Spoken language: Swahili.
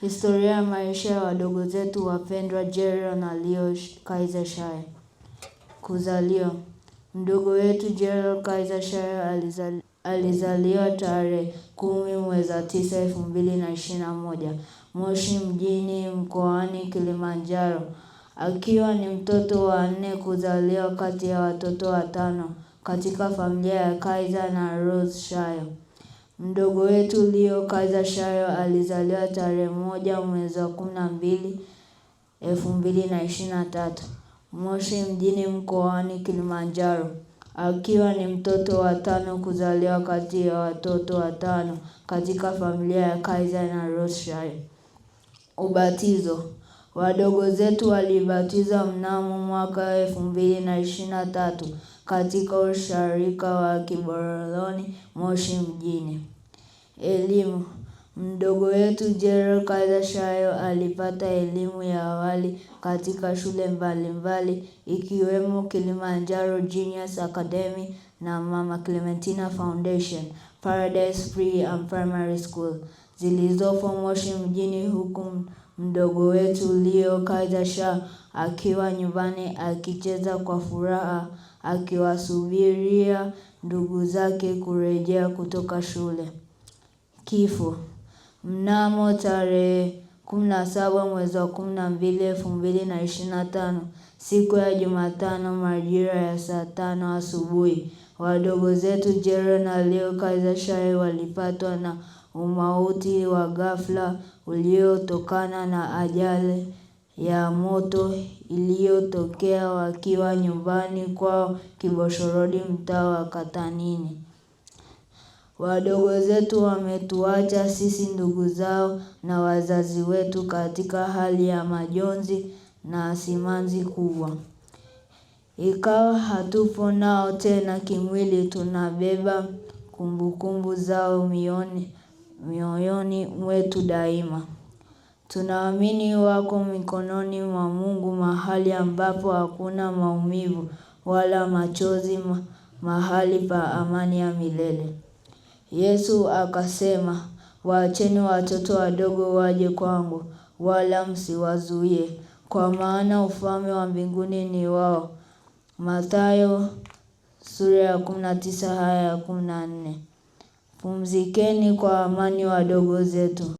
Historia ya maisha ya wadogo zetu wapendwa Jero na Leo Kaiser Kuzaliwa. Mdogo wetu Jero Kaiser alizaliwa tarehe kumi mwezi wa tisa elfu mbili na ishirini na moja Moshi mjini mkoani Kilimanjaro, akiwa ni mtoto wa nne kuzaliwa kati ya watoto watano katika familia ya Kaiser na Rose Shire. Mdogo wetu Leo Kaiser Shayo alizaliwa tarehe moja mwezi wa kumi na mbili elfu mbili na ishirini na tatu Moshi mjini mkoani Kilimanjaro, akiwa ni mtoto wa tano kuzaliwa kati ya watoto watano katika familia ya Kaiser na Shayo. Ubatizo Wadogo zetu walibatizwa mnamo mwaka elfu mbili na ishirini na tatu katika usharika wa Kiboroloni, Moshi mjini. Elimu. Mdogo wetu Jerry Shayo alipata elimu ya awali katika shule mbalimbali ikiwemo Kilimanjaro Genius Academy na Mama Clementina Foundation, Paradise Free and Primary School zilizopo Moshi mjini huku mdogo wetu Leo Kajasha akiwa nyumbani akicheza kwa furaha, akiwasubiria ndugu zake kurejea kutoka shule. Kifo mnamo tarehe 17 mwezi wa 12 2025, siku ya Jumatano majira ya saa tano asubuhi, wadogo zetu Jero na Leo Shai walipatwa na umauti wa ghafla uliotokana na ajali ya moto iliyotokea wakiwa nyumbani kwao kiboshorodi mtaa wa Katanini. Wadogo zetu wametuacha sisi ndugu zao na wazazi wetu katika hali ya majonzi na simanzi kubwa. Ikawa hatupo nao tena kimwili, tunabeba kumbukumbu zao mioni, mioyoni mwetu daima. Tunaamini wako mikononi mwa Mungu, mahali ambapo hakuna maumivu wala machozi, mahali pa amani ya milele. Yesu akasema, waacheni watoto wadogo waje kwangu, wala msiwazuie, kwa maana ufalme wa mbinguni ni wao. Mathayo sura ya 19 haya ya 14. Pumzikeni kwa amani wadogo zetu.